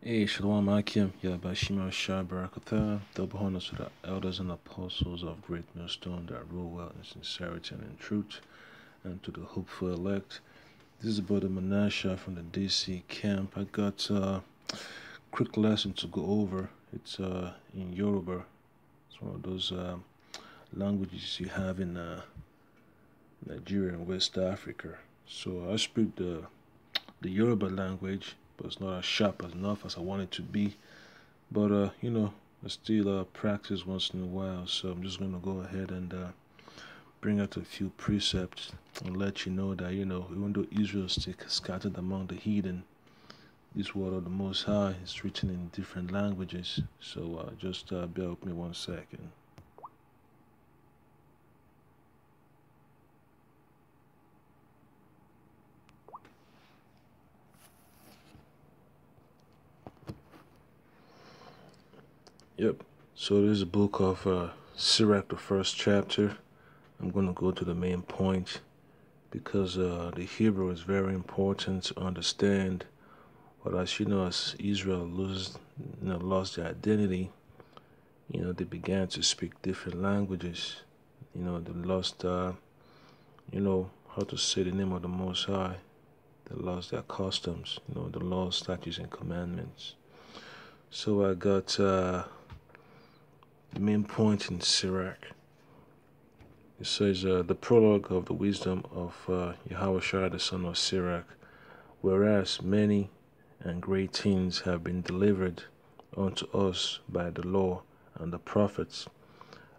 Hey, Shalom Akim, Yabashima Shah Barakatha, The honors of the elders and apostles of Great Millstone that rule well in sincerity and in truth, and to the hopeful elect. This is Brother Menasha from the DC camp. I got a quick lesson to go over. It's uh, in Yoruba. It's one of those uh, languages you have in uh, Nigeria and West Africa. So I speak the, the Yoruba language but it's not as sharp enough as I want it to be. But uh, you know, I still uh, practice once in a while, so I'm just gonna go ahead and uh, bring out a few precepts and let you know that you know, even though Israel is scattered among the heathen, this word of the Most High is written in different languages. So uh, just uh, bear with me one second. Yep. So there's a book of uh, Sirach, the first chapter. I'm going to go to the main point because uh, the Hebrew is very important to understand. But as you know, as Israel lose, you know, lost their identity, you know, they began to speak different languages. You know, they lost, uh, you know, how to say the name of the Most High. They lost their customs, you know, the laws, statutes, and commandments. So I got. Uh, the main point in Sirach. It says uh, the prologue of the wisdom of uh, Yahushua the son of Sirach, whereas many and great things have been delivered unto us by the law and the prophets,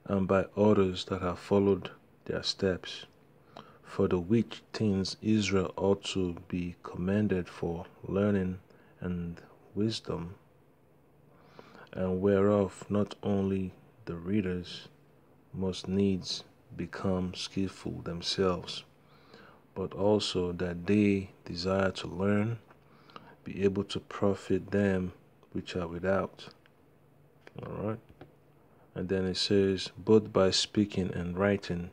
and by others that have followed their steps, for the which things Israel ought to be commended for learning and wisdom, and whereof not only the readers must needs become skillful themselves, but also that they desire to learn, be able to profit them which are without. All right. And then it says, both by speaking and writing.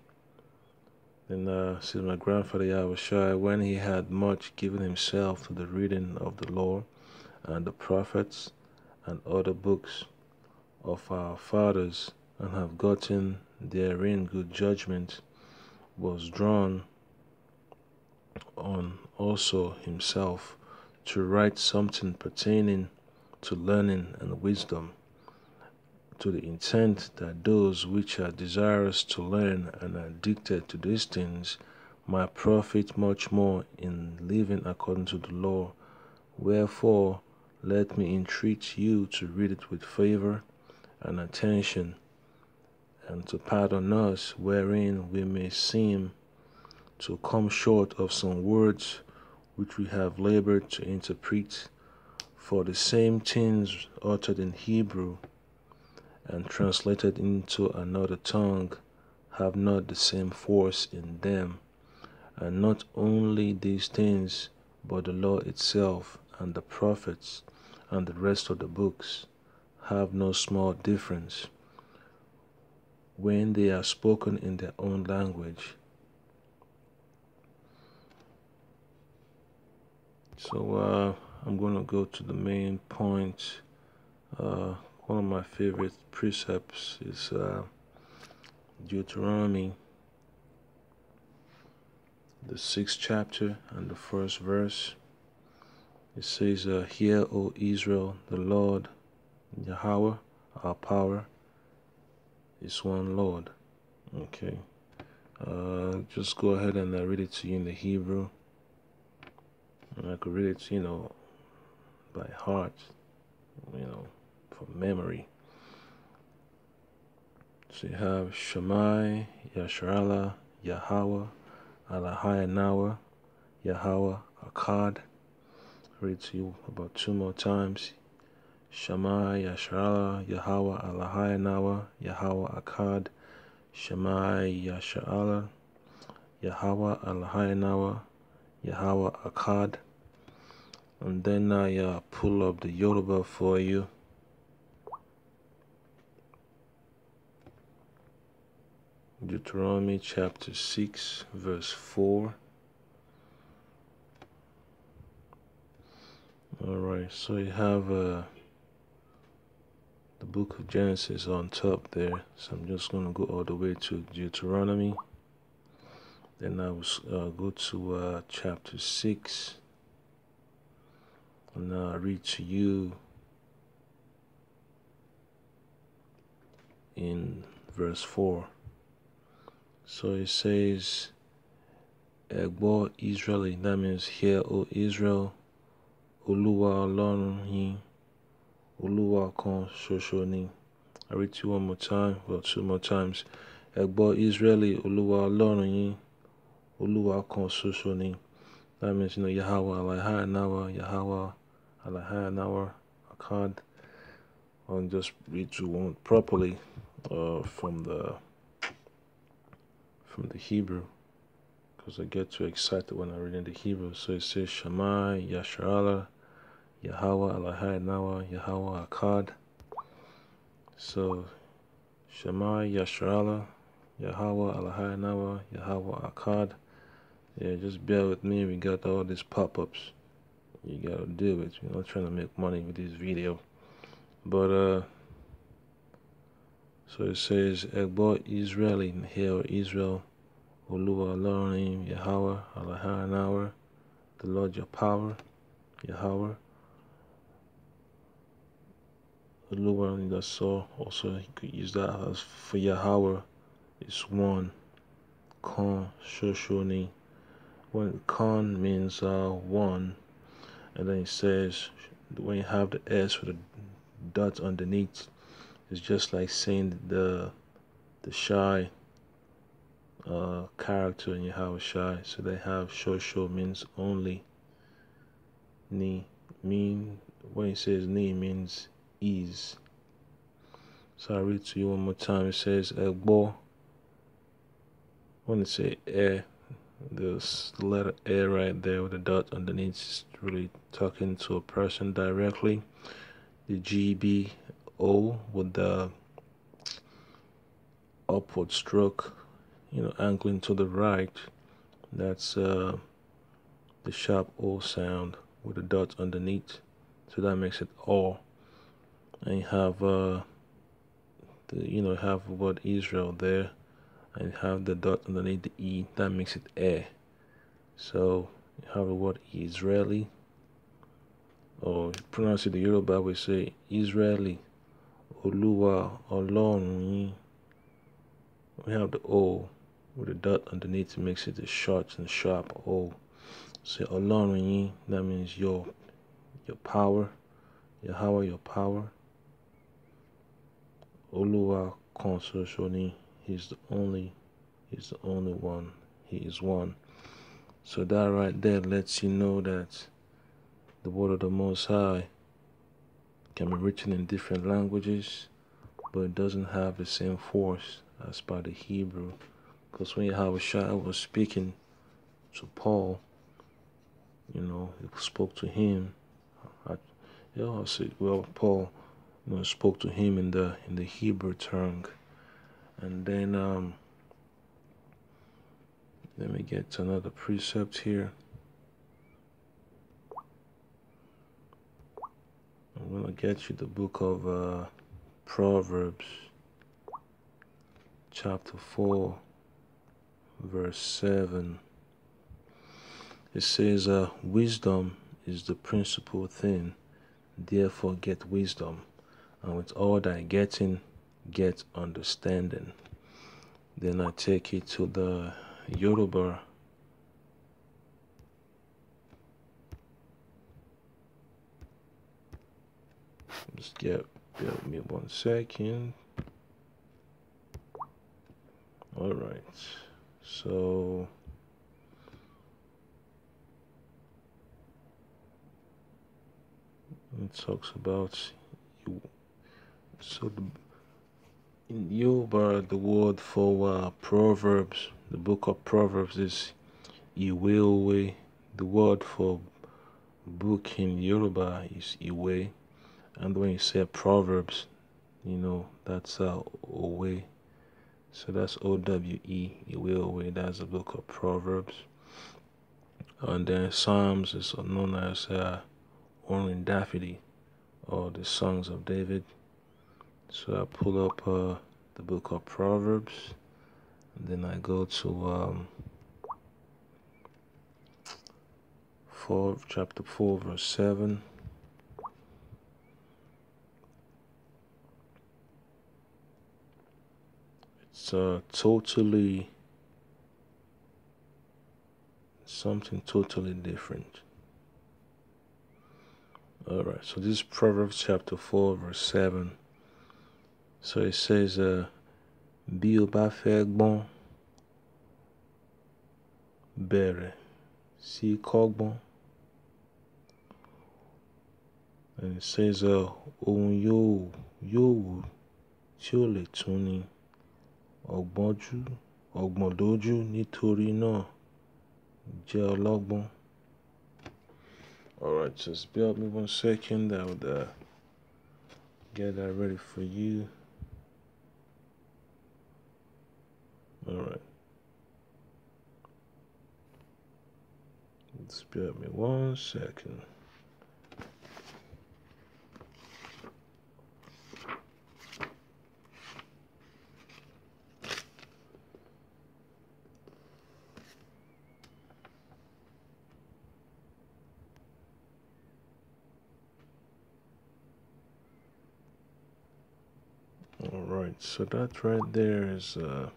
Then uh, says my grandfather Yahushua, when he had much given himself to the reading of the law and the prophets and other books, of our fathers and have gotten therein good judgment was drawn on also himself to write something pertaining to learning and wisdom, to the intent that those which are desirous to learn and addicted to these things might profit much more in living according to the law. Wherefore, let me entreat you to read it with favor and attention, and to pardon us wherein we may seem to come short of some words which we have labored to interpret, for the same things uttered in Hebrew and translated into another tongue have not the same force in them, and not only these things, but the law itself and the prophets and the rest of the books have no small difference when they are spoken in their own language. So uh, I'm going to go to the main point. Uh, one of my favorite precepts is uh, Deuteronomy, the sixth chapter and the first verse. It says, uh, Hear, O Israel, the Lord Yahweh, our power, is one Lord. Okay. Uh, just go ahead and I uh, read it to you in the Hebrew. And I could read it, you know, by heart, you know, from memory. So you have Shammai, Yasharala, Yahweh, Alahayanawa, Yahweh, Akkad. Read to you about two more times. Shema Yashala Yahweh Alahayanawa Yahweh Akkad Shema Yashala Yahweh Alahayanawa Yahweh Akkad and then I uh, pull up the Yoruba for you Deuteronomy chapter 6 verse 4 all right so you have a uh, the book of Genesis on top there. So I'm just going to go all the way to Deuteronomy. Then I will uh, go to uh, chapter 6. And I'll read to you in verse 4. So it says, Egbo Israeli, that means, here O Israel, Oluwa Olorun Olúwa kan ṣoṣo ni. I read you one more time, well, two more times. Ẹ Israeli, Olúwa Ọlọ́run yín, Olúwa kan ṣoṣo ni. That means, you know, Yahweh, Alahai Nawa, Yahweh, Alahai Nawa. I can't I'll just read you one properly uh, from the from the Hebrew because I get too excited when I'm reading the Hebrew. So it says Shammai, Yasharallah. Yahweh, Elohai, Nawa, Yahweh, Akkad. So, Shemai, Yasharala, Yahweh, Elohai, Nawa, Yahweh, Akkad. Yeah, just bear with me. We got all these pop-ups. You gotta deal with. We're not trying to make money with this video. But, uh, so it says, Egbo Israeli, Hail Israel, Oluwa Elohim, Yahweh, Elohai, Nawa, the Lord your power, Yahweh the lower on the saw also you could use that as for Yahweh It's one Khan Shoshone when Khan means uh, one and then it says when you have the S with the dot underneath it's just like saying the the shy uh, character in Yahweh shy. so they have Shosho means only Ni mean when it says Ni means is. So I read to you one more time. It says Egbo. Eh, when it say air, eh, this letter air eh right there with a dot underneath is really talking to a person directly. The GBO with the upward stroke, you know, angling to the right. That's uh, the sharp O sound with a dot underneath. So that makes it all and have uh, the, you know have the word Israel there and have the dot underneath the E that makes it A. so you have the word Israeli or pronounce it the Yoruba we say Israeli Oluwa Olorun we have the O with the dot underneath it makes it a short and sharp O say Olorun that means your your power Yahweh your power Oluwa Konsoshoni is the only is the only one. He is one. So that right there lets you know that the word of the Most High can be written in different languages, but it doesn't have the same force as by the Hebrew. Because when Yahushua was speaking to Paul, you know, he spoke to him. I, you know, I said, well, Paul, you know, spoke to him in the in the Hebrew tongue, and then um, let me get to another precept here. I'm gonna get you the book of uh, Proverbs, chapter four, verse seven. It says, uh, "Wisdom is the principal thing; therefore, get wisdom." and with all that getting get understanding then I take it to the Yoruba just get bear me one second all right so it talks about so the, in Yoruba, the word for uh, Proverbs, the book of Proverbs is Iweowe. The word for book in Yoruba is Iwe. And when you say Proverbs, you know, that's uh, Owe. So that's O W E, Iweowe. That's the book of Proverbs. And then Psalms is known as uh, Orin Daffody or the Songs of David so I pull up uh, the book of Proverbs then I go to um, four, chapter 4 verse 7 it's uh, totally something totally different all right so this is Proverbs chapter 4 verse 7 so it says, uh, Bí o bá fẹ́ gbọ́n, bẹ̀rẹ̀ sí kọ́gbọ́n. And it says, uh, you you yóò wù tí ó lè tún ọ̀gbọ́njú ọ̀gbọ̀ndójú nítorí na jẹ́ ọlọ́gbọ́n. Alright, just bear with me one second. I would uh, get that ready for you. Spare me one second. so that right there is uh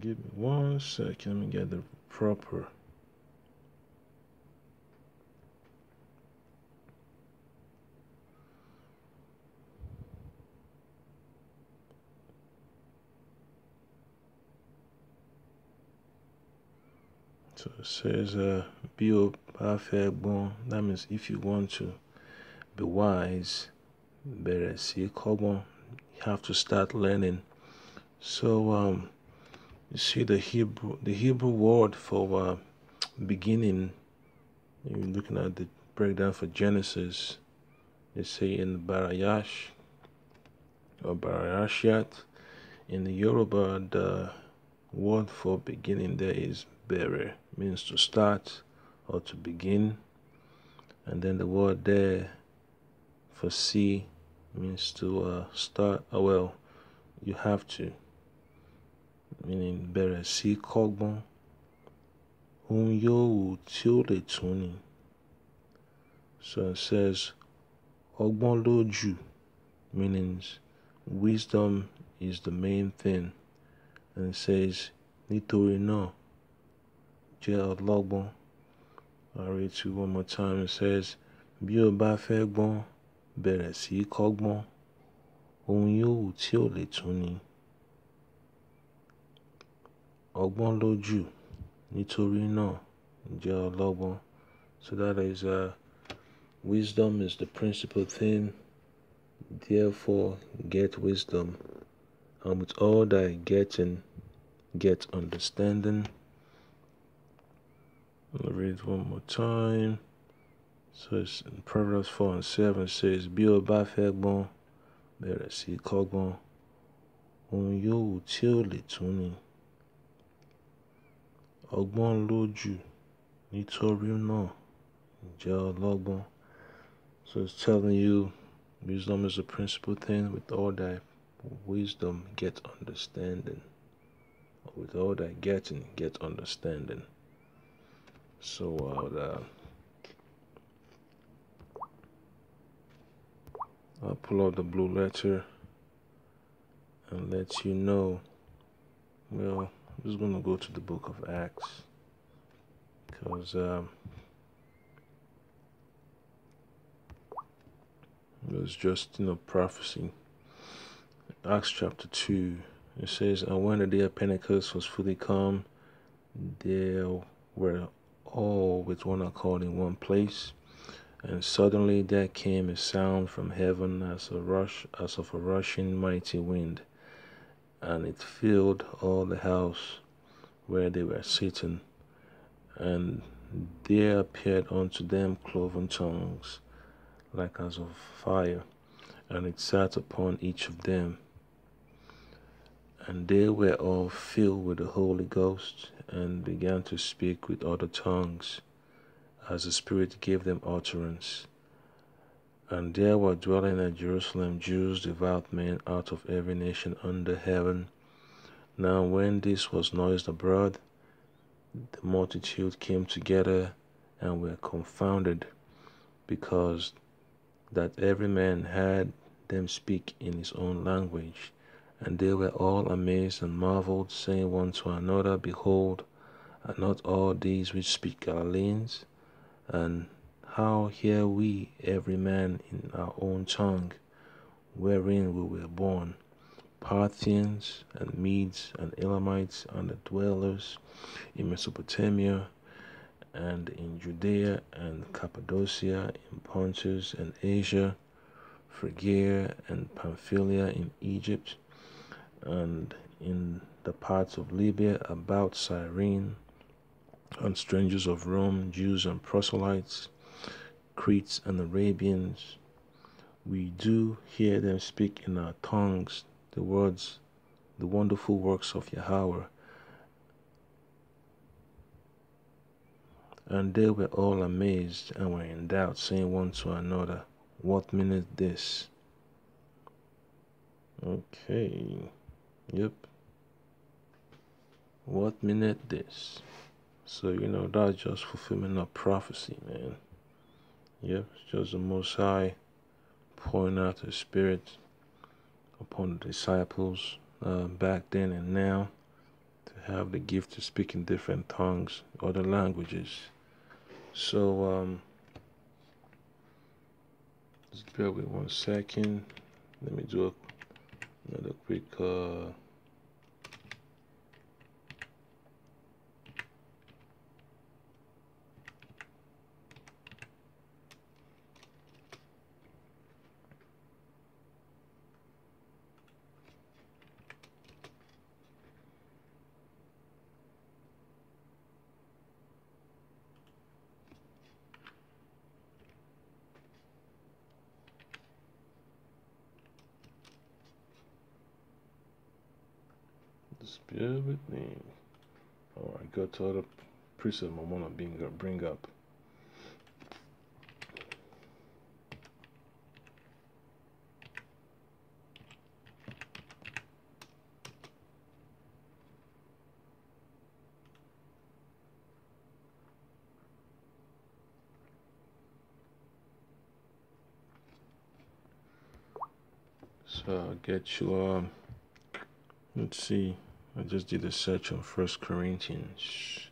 give me one second let me get the proper So it says, uh, perfect bon." That means if you want to be wise, better see Kobon. You have to start learning. So, um, you see the Hebrew, the Hebrew word for uh, beginning, you're looking at the breakdown for Genesis, they say in Barayash or Barayashyat. In the Yoruba, the word for beginning there is bere means to start or to begin. And then the word there for see means to uh, start. Oh, well, you have to. Meaning bere si kogbon. Ohun yóò tí ó lè So it says, Ogbon loju means wisdom is the main thing. And it says, Nítorí náà logbon. i I'll read to you one more time. It says, Bí o bá fẹ́ gbọ́n, bẹ̀rẹ̀ sí kọ́gbọ́n. Ohun yòówù tí ò lè tún ni. Ọgbọ́n lójú. Nítorí náà, jẹ́ ọlọ́gbọ́n. So that is uh, wisdom is the principal thing. Therefore, get wisdom. And with all thy getting, get understanding. I'm read it one more time. So it's in Proverbs 4 and 7 says, Bí a bá fẹ́ gbọ́n, bẹ̀rẹ̀ sí kọ́gbọ́n, ohun yòówù tí ò lè tún ni. You lójú, nítorí no, jẹ́ ọlọ́gbọ́n. So it's telling you, wisdom is the principal thing. With all that wisdom, get understanding. With all that getting, get understanding. So uh, the, I'll pull out the blue letter and let you know. Well, I'm just gonna go to the book of Acts because um, it was just you know prophecy. Acts chapter two. It says, and when the day of Pentecost was fully come, there were all with one accord in one place. And suddenly there came a sound from heaven as a rush as of a rushing mighty wind, and it filled all the house where they were sitting, and there appeared unto them cloven tongues, like as of fire, and it sat upon each of them, and they were all filled with the Holy Ghost and began to speak with other tongues as the Spirit gave them utterance. And there were dwelling at Jerusalem Jews, devout men out of every nation under heaven. Now, when this was noised abroad, the multitude came together and were confounded, because that every man heard them speak in his own language. And they were all amazed and marveled, saying one to another, Behold, are not all these which speak Galileans? And how hear we every man in our own tongue, wherein we were born? Parthians and Medes and Elamites and the dwellers in Mesopotamia and in Judea and Cappadocia, in Pontus and Asia, Phrygia and Pamphylia in Egypt and in the parts of Libya about Cyrene, and strangers of Rome, Jews and proselytes, Cretes and Arabians. We do hear them speak in our tongues the words, the wonderful works of Yahweh. And they were all amazed and were in doubt, saying one to another, What meaneth this? Okay. Yep. What minute this? So you know that's just fulfillment of prophecy, man. Yep, it's just the most high pouring out the spirit upon the disciples uh, back then and now to have the gift to speak in different tongues, other languages. So um just bear with one second. Let me do a another quick uh, Just with me. Oh, I got all the prism I want to bring up. So get um let's see. I just did a search on First Corinthians.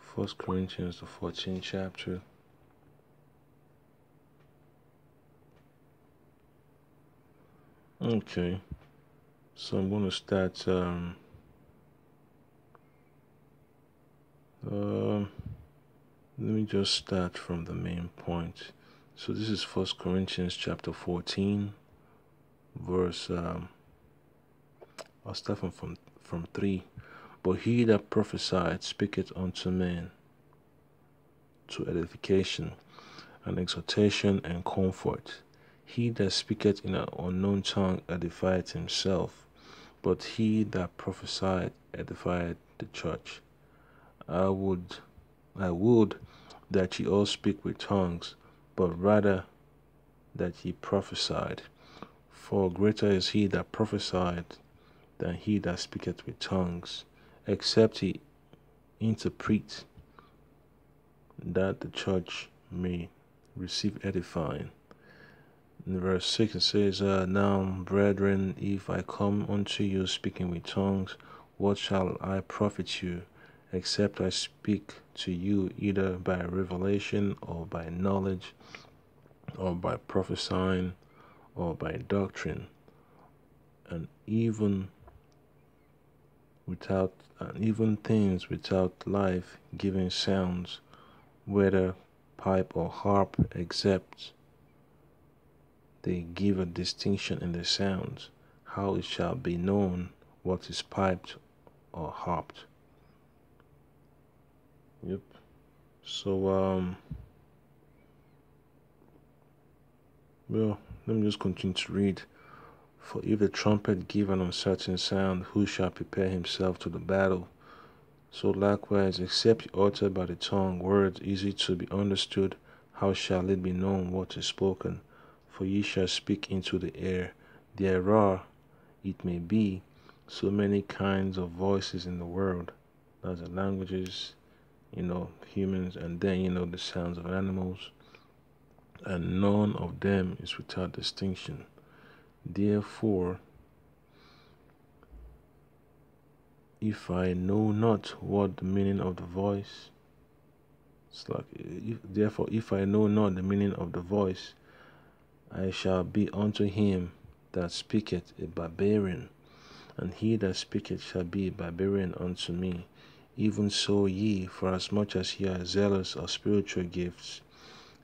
First Corinthians, the 14th chapter. Okay, so I'm going to start. Um, uh, let me just start from the main point. So this is First Corinthians chapter 14, verse. Um, I'll start from, from, from 3. But he that prophesied speaketh unto men to edification and exhortation and comfort. He that speaketh in an unknown tongue edifieth himself, but he that prophesied edifieth the church. I would I would that ye all speak with tongues, but rather that ye prophesied. For greater is he that prophesied than he that speaketh with tongues, except he interpret, that the church may receive edifying. In verse 6 it says, uh, Now, brethren, if I come unto you speaking with tongues, what shall I profit you, except I speak to you either by revelation or by knowledge, or by prophesying, or by doctrine? And even without and even things without life giving sounds, whether pipe or harp, except they give a distinction in the sounds, how it shall be known what is piped or harped. Yep. So um well let me just continue to read. For if the trumpet give an uncertain sound, who shall prepare himself to the battle? So likewise, except utter by the tongue words easy to be understood, how shall it be known what is spoken? For ye shall speak into the air. There are, it may be, so many kinds of voices in the world. That's are languages, you know, humans, and then, you know, the sounds of animals. And none of them is without distinction. Therefore, if I know not what the meaning of the voice, it's like, if, therefore, if I know not the meaning of the voice, I shall be unto him that speaketh a barbarian, and he that speaketh shall be a barbarian unto me. Even so, ye, forasmuch as ye are zealous of spiritual gifts,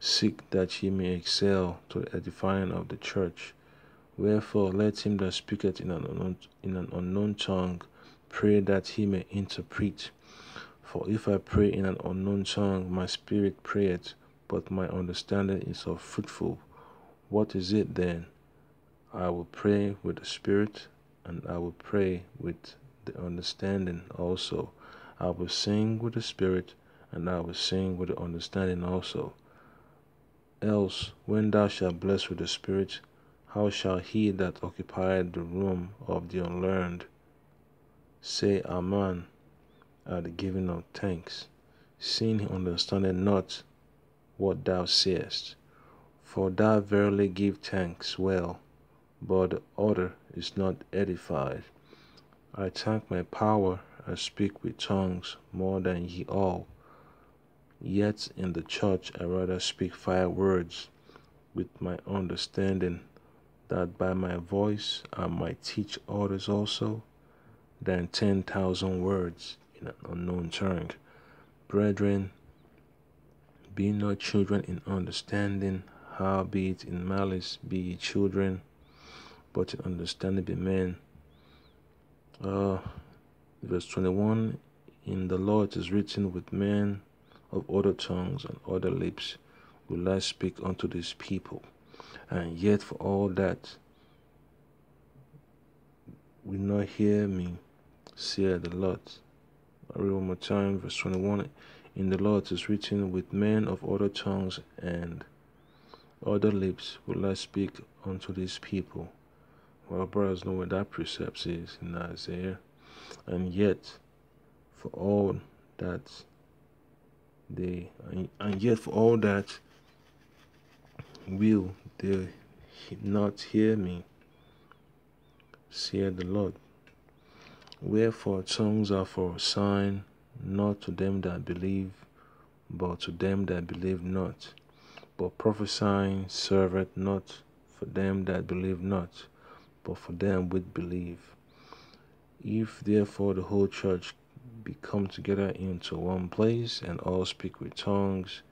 seek that ye may excel to the edifying of the church. Wherefore let him that speaketh in an unknown, in an unknown tongue pray that he may interpret. For if I pray in an unknown tongue, my spirit prayeth, but my understanding is unfruitful. What is it then? I will pray with the spirit, and I will pray with the understanding also. I will sing with the spirit, and I will sing with the understanding also. Else, when thou shalt bless with the spirit, how shall he that occupied the room of the unlearned say Amen at the giving of thanks, seeing he understandeth not what thou sayest? For thou verily give thanks well, but the other is not edified. I thank my power and speak with tongues more than ye all. Yet in the church I rather speak fire words with my understanding that by my voice I might teach others also, than 10,000 words in an unknown tongue. Brethren, be not children in understanding, howbeit in malice be ye children, but in understanding be men. Uh, verse 21 In the law it is written, With men of other tongues and other lips will I speak unto this people. And yet, for all that, will not hear me, said the Lord. I read one more time, verse 21. In the Lord is written, With men of other tongues and other lips will I speak unto these people. Well, brothers know what that precept is in Isaiah. And yet, for all that they, and yet for all that, will they not hear me? Said the Lord. Wherefore tongues are for a sign, not to them that believe, but to them that believe not. But prophesying serveth not for them that believe not, but for them which believe. If therefore the whole church be come together into one place, and all speak with tongues,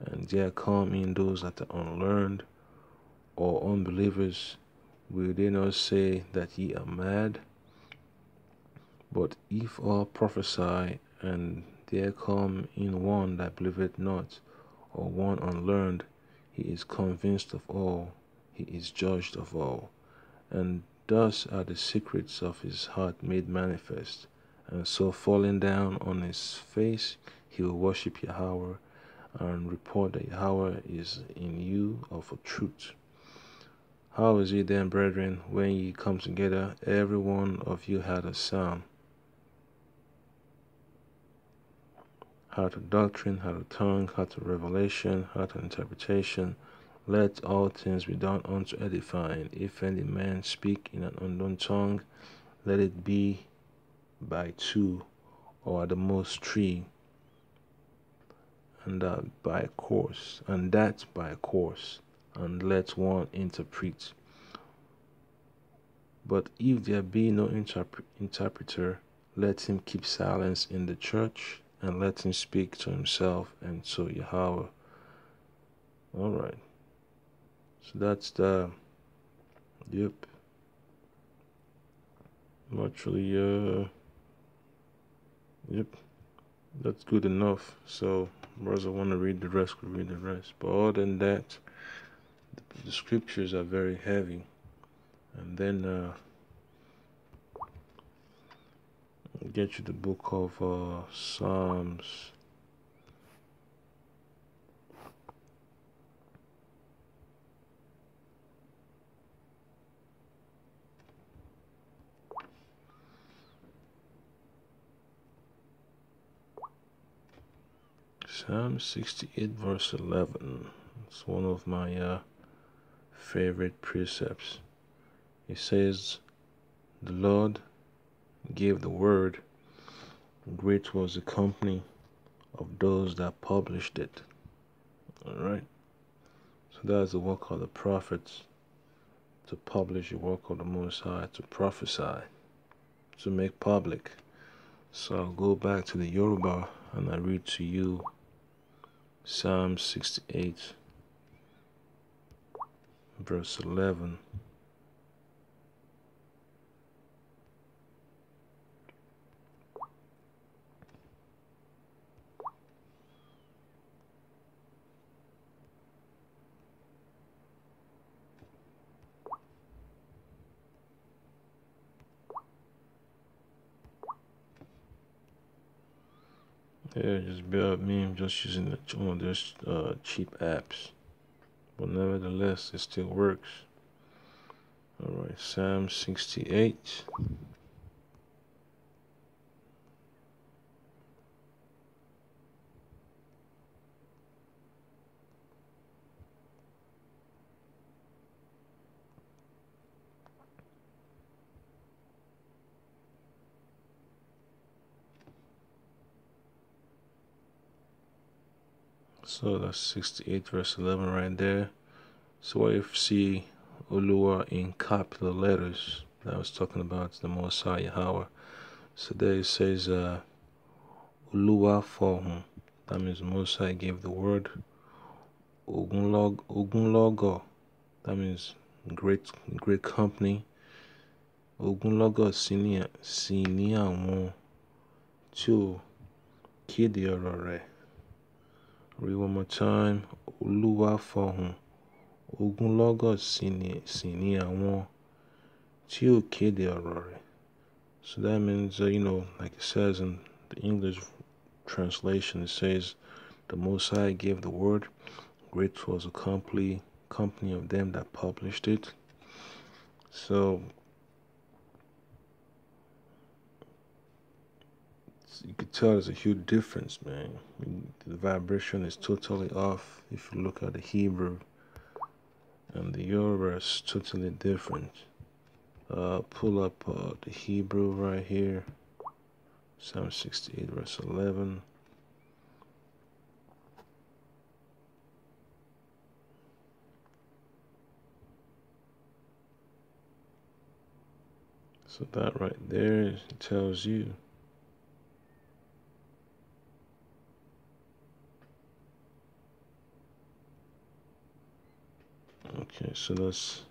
and come coming those that are unlearned or unbelievers, will they not say that ye are mad? But if all prophesy, and there come in one that believeth not, or one unlearned, he is convinced of all, he is judged of all. And thus are the secrets of his heart made manifest. And so, falling down on his face, he will worship Yahweh, and report that hour is in you of a truth. How is it then, brethren, when ye come together, every one of you had a psalm, had a doctrine, had a tongue, had a revelation, had an interpretation? Let all things be done unto edifying. If any man speak in an unknown tongue, let it be by two, or at the most three and that by course, and that by course, and let one interpret. But if there be no interp interpreter, let him keep silence in the church, and let him speak to himself and to Yahweh. All right. So that's the. Yep. actually, uh. Yep. That's good enough. So brothers want to read the rest could read the rest but other than that the, the scriptures are very heavy and then uh, get you the book of uh, psalms Psalm 68 verse 11. It's one of my uh, favorite precepts. It says, The Lord gave the word, great was the company of those that published it. Alright. So that is the work of the prophets to publish the work of the Most High, to prophesy, to make public. So I'll go back to the Yoruba and I read to you Psalm 68, verse 11. Yeah, just build up meme just using the, one of those uh, cheap apps. But nevertheless, it still works. Alright, Sam 68. So that's 68 verse 11 right there. So what if see Ulua in capital letters? I was talking about the Mosai Yahweh. So there it says uh, Ulua Fohum. That means Mosai gave the word. Ogunlog Ogunlogo. That means great great company. Ogunlogo Sinia Sinia Mo to Kidi Read one more time. Olúwafohùn Ogunlọ́gọ̀ sì ni àwọn tí ó kéde ọ̀rọ̀ rẹ̀. So that means, uh, you know, like it says in the English translation, it says, The Most High gave the word, great was a company, company of them that published it. So you could tell there's a huge difference, man. I mean, the vibration is totally off. If you look at the Hebrew and the Yoruba, is totally different. Uh, pull up uh, the Hebrew right here, Psalm 68, verse 11. So that right there tells you okay so that's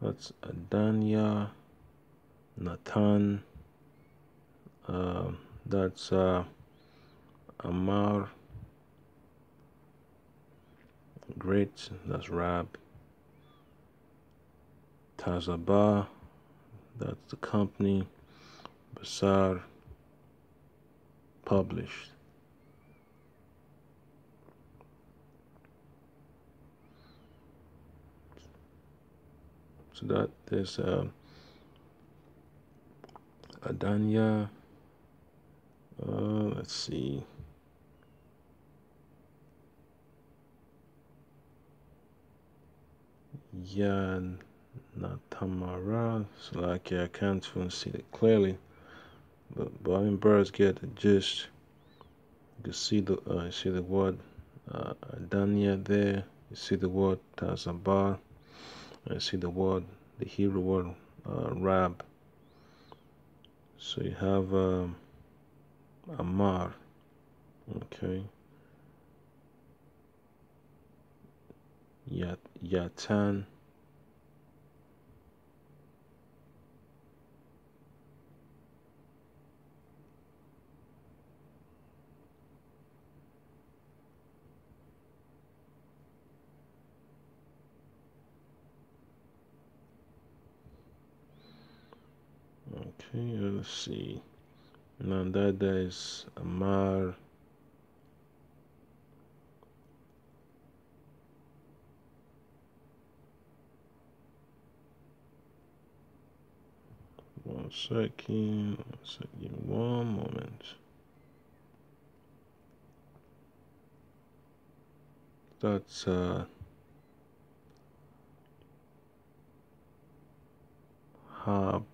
that's Adania Nathan uh, that's uh, Amar great that's Rab Tazaba, that's the company Basar published So that there's um, Adania. Uh, let's see. Yan Natamara. So like yeah, I can't even see it clearly. But but I mean birds get the gist. You can see the uh, you see the word uh, Adania there, you see the word Tazabar I see the word the Hebrew word uh, Rab so you have um, Amar okay Yat Yatan Okay, let's see. Now that Amar. One second, one second, one moment. That's uh Hub.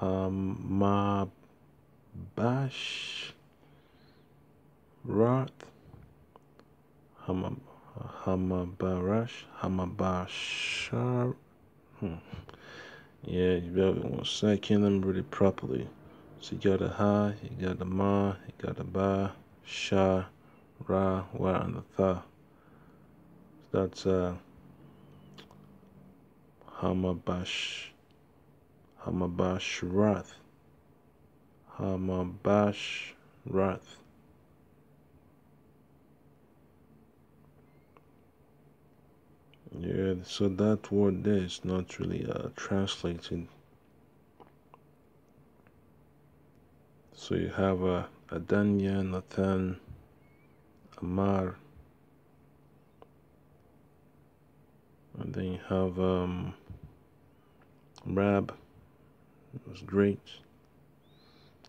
Hamabash, Hamab Hamabarash Hamabashar hmm. Yeah, you better to let me them it properly. So you got a ha, you got a ma, you got a ba, sha, ra, wa, and the tha. So that's uh, Hamabash. Hamabashrath. Hamabashrath. Yeah, so that word there is not really uh, translated. So you have a uh, Adanya, Nathan, Amar, and then you have um, Rab was great.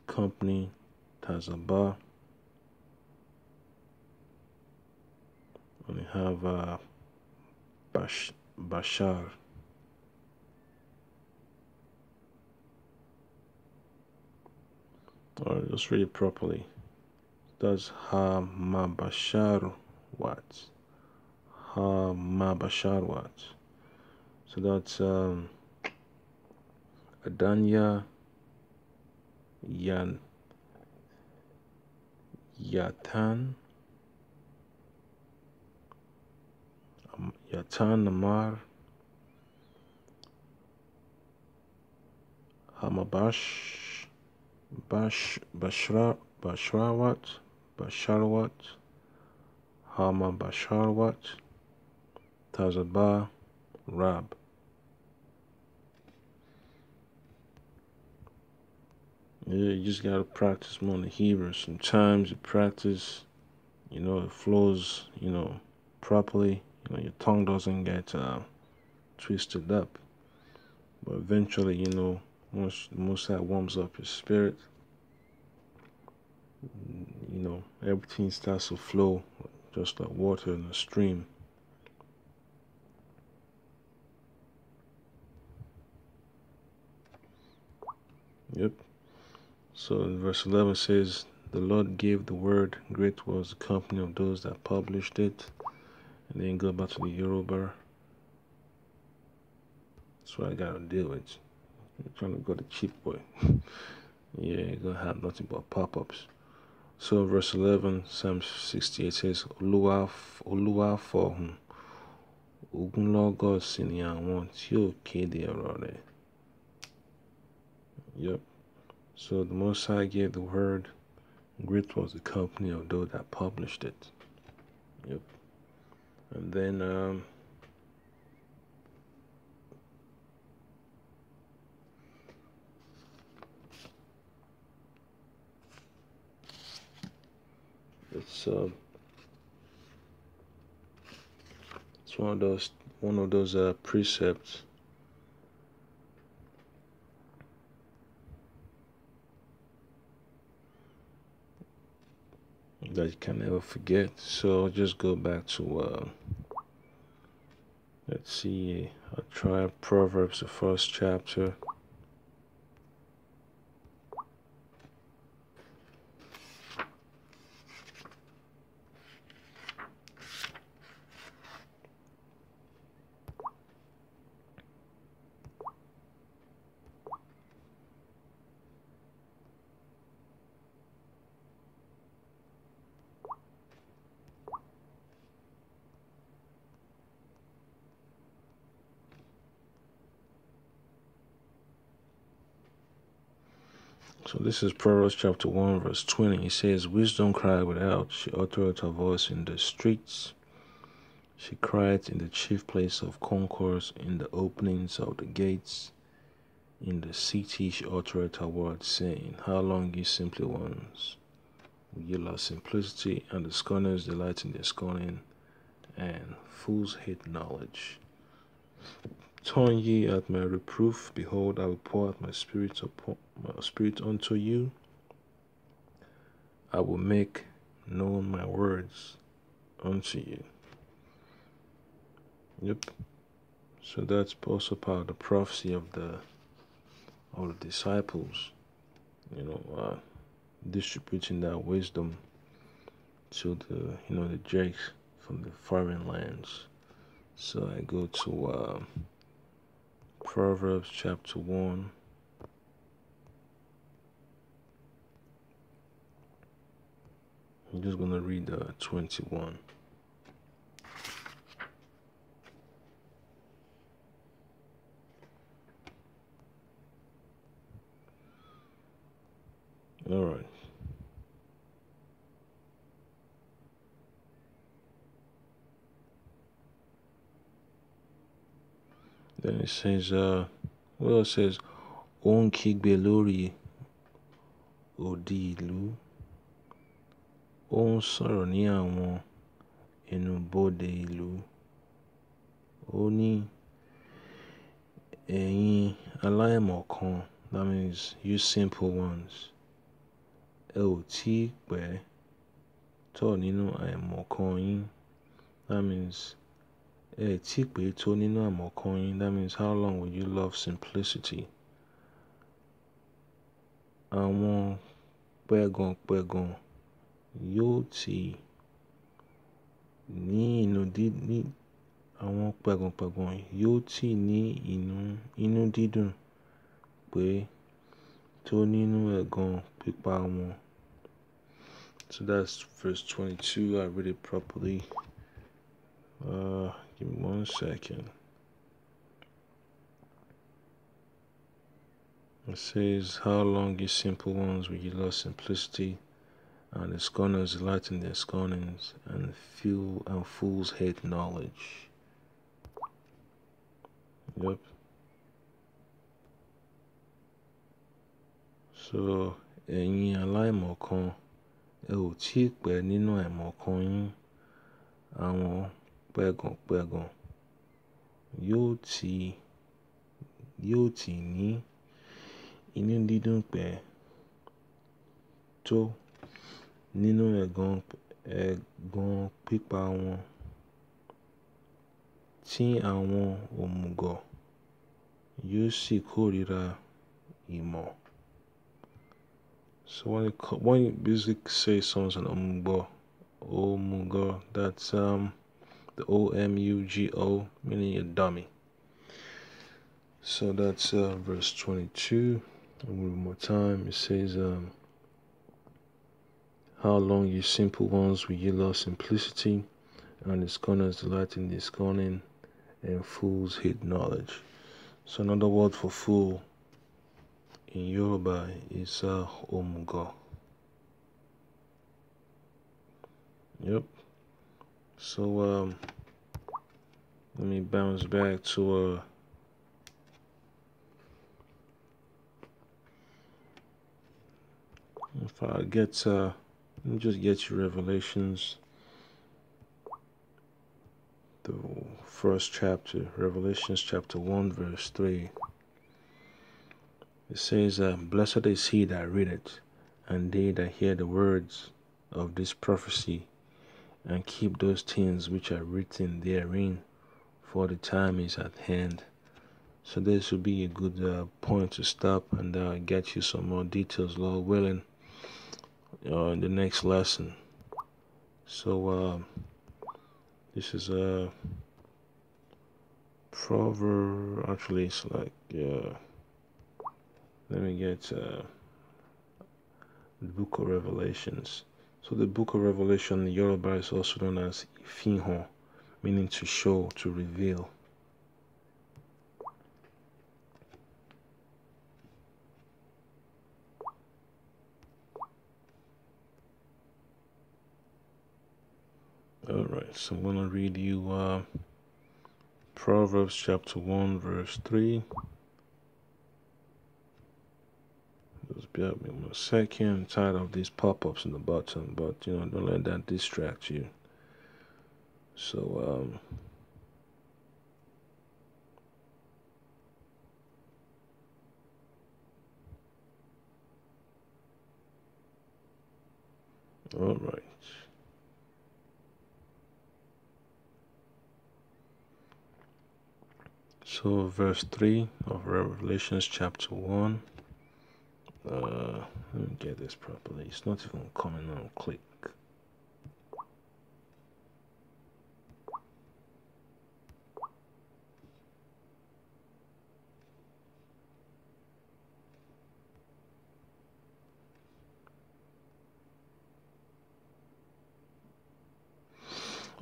Company, Tazaba. And we have uh, Bash Bashar. Alright, let's read it properly. Does Hamabashar what? Hamabashar what? So that's um Adanya Yan Yatan Yatan Namar Hamabash Bash Bashra Bashrawat Basharwat Hama Basharwat Tazabah Rab Yeah, you just gotta practice more the Hebrew. Sometimes you practice, you know, it flows, you know, properly. You know, your tongue doesn't get uh, twisted up. But eventually, you know, once most that warms up your spirit, you know, everything starts to flow just like water in a stream. Yep. So in verse 11 says, The Lord gave the word, great was the company of those that published it. And then go back to the Yoruba. That's what I gotta deal with. I'm trying to go the cheap way. yeah, you're gonna have nothing but pop ups. So verse 11, Psalm 68 says, Olúwa, Olúwa for ogunlọ́gọ̀ sí God, sinia want you, kéde ọ̀rọ̀ Yep. So the Most High gave the word, great was the company of those that published it. Yep. And then, um, it's uh, it's one of those one of those uh, precepts that you can never forget. So just go back to, uh, let's see, I will try Proverbs, the first chapter. So this is Proverbs chapter 1, verse 20. It says, Wisdom cried without, she uttered her voice in the streets. She cried in the chief place of concourse, in the openings of the gates. In the city she uttered her words, saying, How long, ye simply ones? Will ye love simplicity, and the scorners delight in their scorning, and fools hate knowledge. Turn ye at my reproof, behold, I will pour out my spirit upon my spirit unto you. I will make known my words unto you. Yep. So that's also part of the prophecy of the of the disciples. You know, uh, distributing that wisdom to the you know the jakes from the foreign lands. So I go to. Uh, Proverbs chapter 1. I'm just going to read the 21. All right. Then it says, uh, what says? on kígbe odi Ó ń sọ̀rọ̀ ní àwọn ẹnubodè oni eni ní ẹ̀yin aláìmọ̀kan, that means you simple ones, ẹ ò tonino a tọ̀ that means that means how long will you love simplicity? I Àwọn pẹ́gànpẹ́gàn yóò ti ní inú dídùn, àwọn pẹ́gànpẹ́gàn yóò ti ní inú, inú dídùn pé tó nínú ẹ̀gàn pípa wọn. So that's verse 22. I read it properly. Uh, Give me one second. It says, How long you simple ones will ye love simplicity? And the scorners delight in their scornings, and few and fools hate knowledge. Yep. So, more aláìmọ̀kan, ẹ ò tí ì pẹ́ nínú àìmọ̀kan coin. pẹ́ gan pẹ́ gan, yóò ti, yóò ti ní inú dídùn pẹ́ tó nínú ẹ̀gàn, ẹ̀gàn pípa wọn tí àwọn òmùgọ̀ yóò sì kórìíra ìmọ̀. So when, it, when music says someone's an omugbo, omugbo, that's um, the O M U G O, meaning a dummy. So that's uh, verse 22. One more time, it says, um, How long, you simple ones, will you love simplicity? And the scorners delight in the scorning, and fools hate knowledge. So, another word for fool in Yoruba is uh, Yep. So, um, let me bounce back to, uh, if I get, uh, let me just get your Revelations, the first chapter, Revelations chapter 1, verse 3. It says, uh, Blessed is he that read it, and they that hear the words of this prophecy and keep those things which are written therein, for the time is at hand. So this would be a good uh, point to stop and uh, get you some more details, Lord willing, uh, in the next lesson. So um, this is a uh, proverb. Actually, it's like uh, let me get uh, the Book of Revelations. So the book of Revelation in Yoruba is also known as Ifinho, meaning to show, to reveal. All right, so I'm going to read you uh, Proverbs chapter 1, verse 3. Just bear with me one second. I'm tired of these pop-ups in the bottom, but you know, don't let that distract you. So um All right. So verse 3 of Revelations chapter 1. Uh, let me get this properly. It's not even coming on click.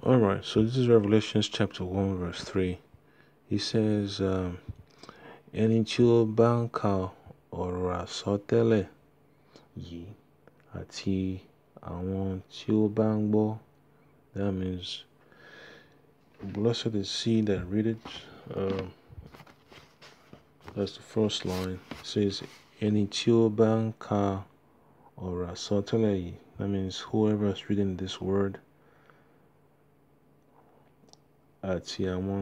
all right so this is revelations chapter 1 verse 3 he says um, and in chill ọ̀rọ̀ àsọtẹ́lẹ̀ yìí àti àwọn tí ó bá ń gbọ́. That means blessed is he that readeth. Um, that's the first line. It says ẹni tí ó bá ń ka ọ̀rọ̀ àsọtẹ́lẹ̀ yìí. That means whoever is reading this word àti àwọn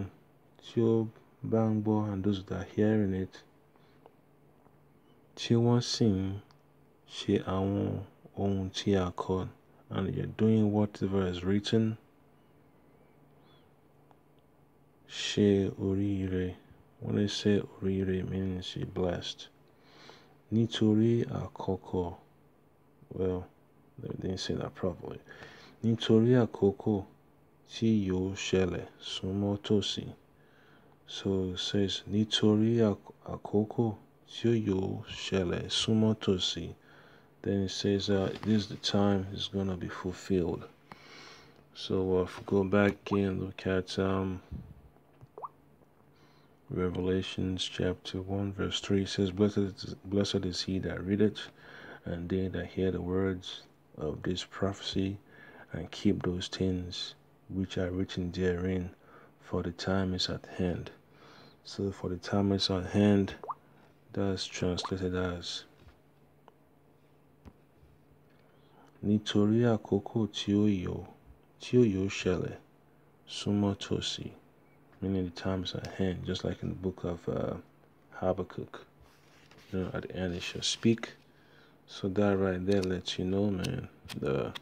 tí ó bá ń gbọ́ and those that are hearing it tí wọ́n sì ń ṣe àwọn ohun tí a kọ and you're doing whatever is written. Ṣe oríire. When I say oríire means you're blessed. Nítorí àkókò. Well, they didn't say that properly. Nítorí àkókò tí yóò ṣẹlẹ̀ súnmọ́ tòsí. So it says, nítorí àkókò tí ó yóò Then it says, uh, this is the time is going to be fulfilled. So uh, if we go back and look at um, Revelations chapter 1, verse 3 says, Blessed is, blessed is he that readeth, and they that hear the words of this prophecy, and keep those things which are written therein, for the time is at hand. So, for the time is at hand, that's translated as nítorí àkókò tí ó yó tí ó yó tòsí meaning the times at hand just like in the book of uh, Habakkuk you know at the end it shall speak so that right there lets you know man the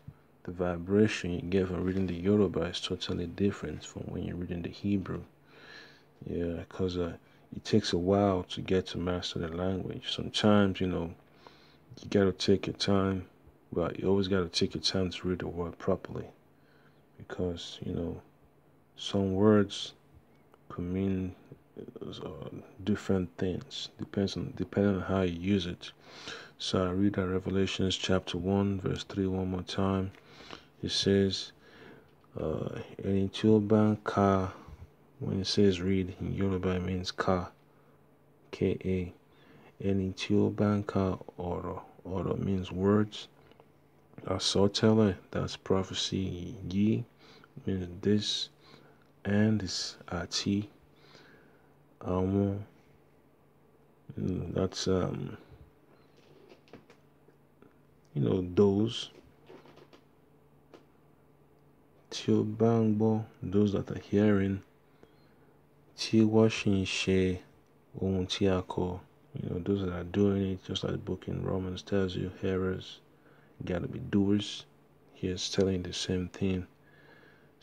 the vibration you get from reading the Yoruba is totally different from when you're reading the Hebrew yeah because uh, it takes a while to get to master the language. Sometimes, you know, you got to take your time, but you always got to take your time to read the word properly because, you know, some words could mean uh, different things depends on depending on how you use it so i read that revelations chapter 1 verse 3 one more time it says uh, en itiobán ka when it says read in Yoruba, means ka, K A. Ẹni tí ó bá ń ka and tiobanka o oro oro means words. a Asotele, that's prophecy. Yi means this, and is àti. Àwọn, that's, um, you know, those. Tí those that are hearing tí wọ́n sì ń ṣe ohun tí a kọ. You know, those that are doing it, just like the book in Romans tells you, hearers gotta be doers. is telling the same thing.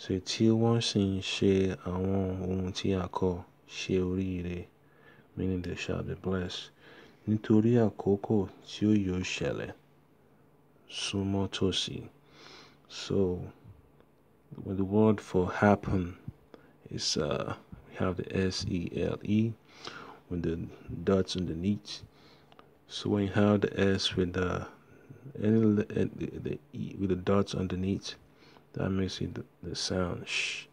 Ṣé tí wọ́n sì ń ṣe àwọn ohun tí a kọ ṣe oríire, meaning they shall be blessed. Nítorí àkókò tí ó yóò ṣẹlẹ̀ súnmọ́ tòsí. So, the word for happen is uh, have the S E L E with the dots underneath. So when you have the S with the the, the, E with the dots underneath, that makes it the, the sound sh.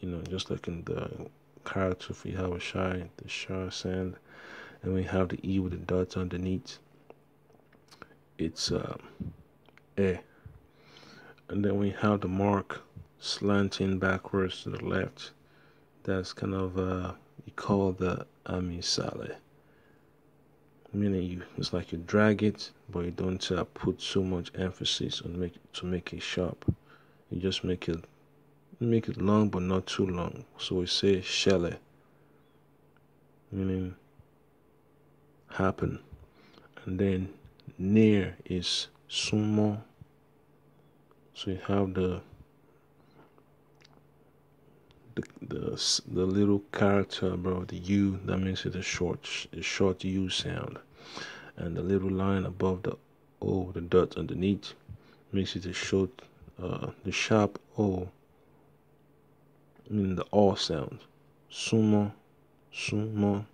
You know, just like in the character if you have a shy, the shy sound, and we have the E with the dots underneath. It's A. Um, eh. And then we have the mark slanting backwards to the left that's kind of uh, you call the amisale um, meaning you it's like you drag it but you don't uh, put so much emphasis on make to make it sharp you just make it make it long but not too long so we say shelle. meaning happen and then near is sumo so you have the the, the, the little character, above the U that makes it a short, a short U sound, and the little line above the O, the dot underneath, makes it a short, uh, the sharp O, meaning the O sound. Sumo, sumo,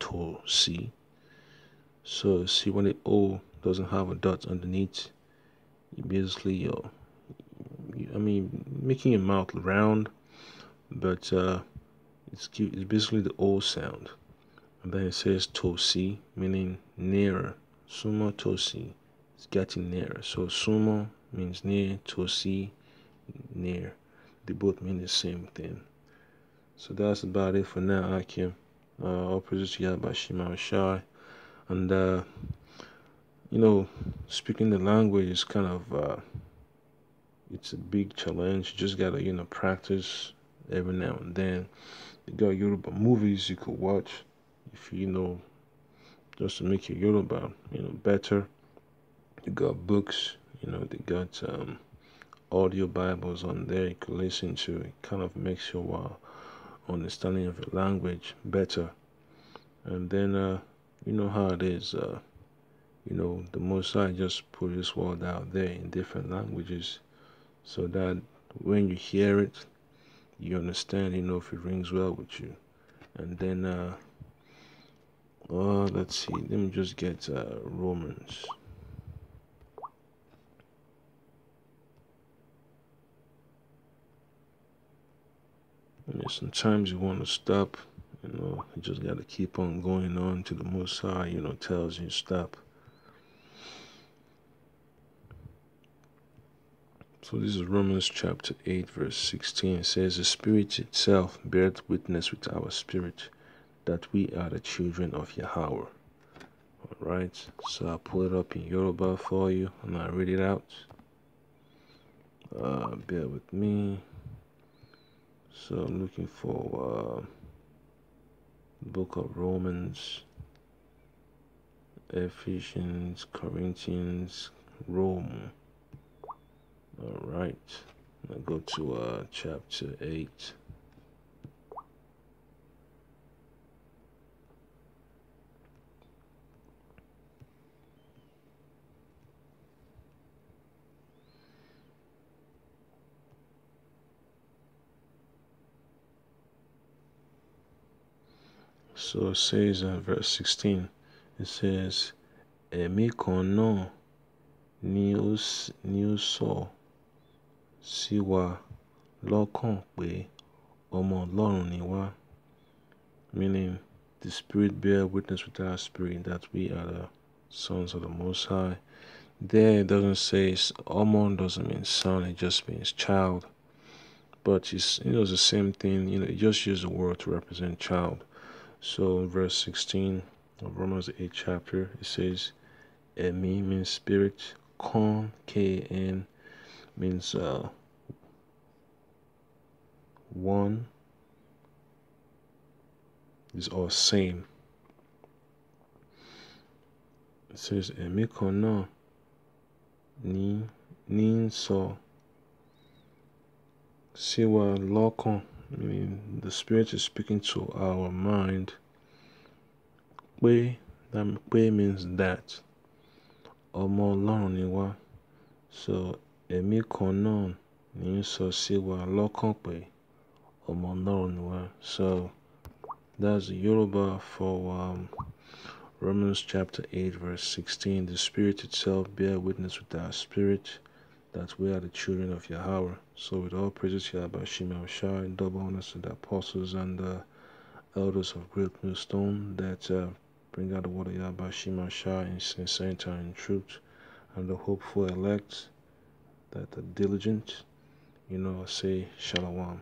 to si. So see when the O doesn't have a dot underneath, you basically you I mean, making your mouth round, but uh, it's cute. It's basically the O sound. And then it says tosi, meaning nearer. Sumo tosi, it's getting nearer. So sumo means near, tosi, near. They both mean the same thing. So that's about it for now, Akim. Uh, I'll present to you about Shima Shai. And, uh, you know, speaking the language is kind of. Uh, it's a big challenge. You just gotta, you know, practice every now and then. You got Yoruba movies you could watch if you know just to make your Yoruba, you know, better. You got books, you know, they got um, audio Bibles on there you could listen to. It kind of makes your uh, understanding of your language better. And then uh, you know how it is, uh, you know, the most I just put this word out there in different languages so that when you hear it, you understand, you know, if it rings well with you. And then, uh, oh, let's see, let me just get uh, Romans. sometimes you want to stop, you know, you just got to keep on going on to the Most High, you know, tells you stop. So this is Romans chapter 8, verse 16. It says, The Spirit itself beareth witness with our spirit that we are the children of Yahweh. Alright, so I'll pull it up in Yoruba for you and I'll read it out. Uh, bear with me. So I'm looking for uh, book of Romans, Ephesians, Corinthians, Rome. All right. I go to uh, chapter 8. So it says in uh, verse 16, it says, Èmi kan náà ni sọ sí wa lọ́kàn pé ọmọ Ọlọ́run ni wá, meaning the Spirit bear witness with our spirit that we are the sons of the Most High. There it doesn't say ọmọ doesn't mean son, it just means child. But it's, you know, it's the same thing, you know, it just use the word to represent child. So verse 16 of Romans 8 chapter, it says, Emi means spirit, Kon, K-N, means uh, one is all same. It says èmi kan ní ní sọ sí wa meaning the spirit is speaking to our mind. Pé that pé means that ọmọ Ọlọ́run ni wá so èmi kan náà ní ń sọ sí wa so emi kan ni pé. Omonorunwa. So that's Yoruba for um, Romans chapter 8, verse 16. The Spirit itself bear witness with our spirit that we are the children of Yahweh. So with all praises here about Shimei Shai, double honors to the apostles and the elders of Great Millstone that uh, bring out the word of Yahweh Shimei Shai in sincerity and truth, and the hopeful elect that are diligent, you know, say Shalom.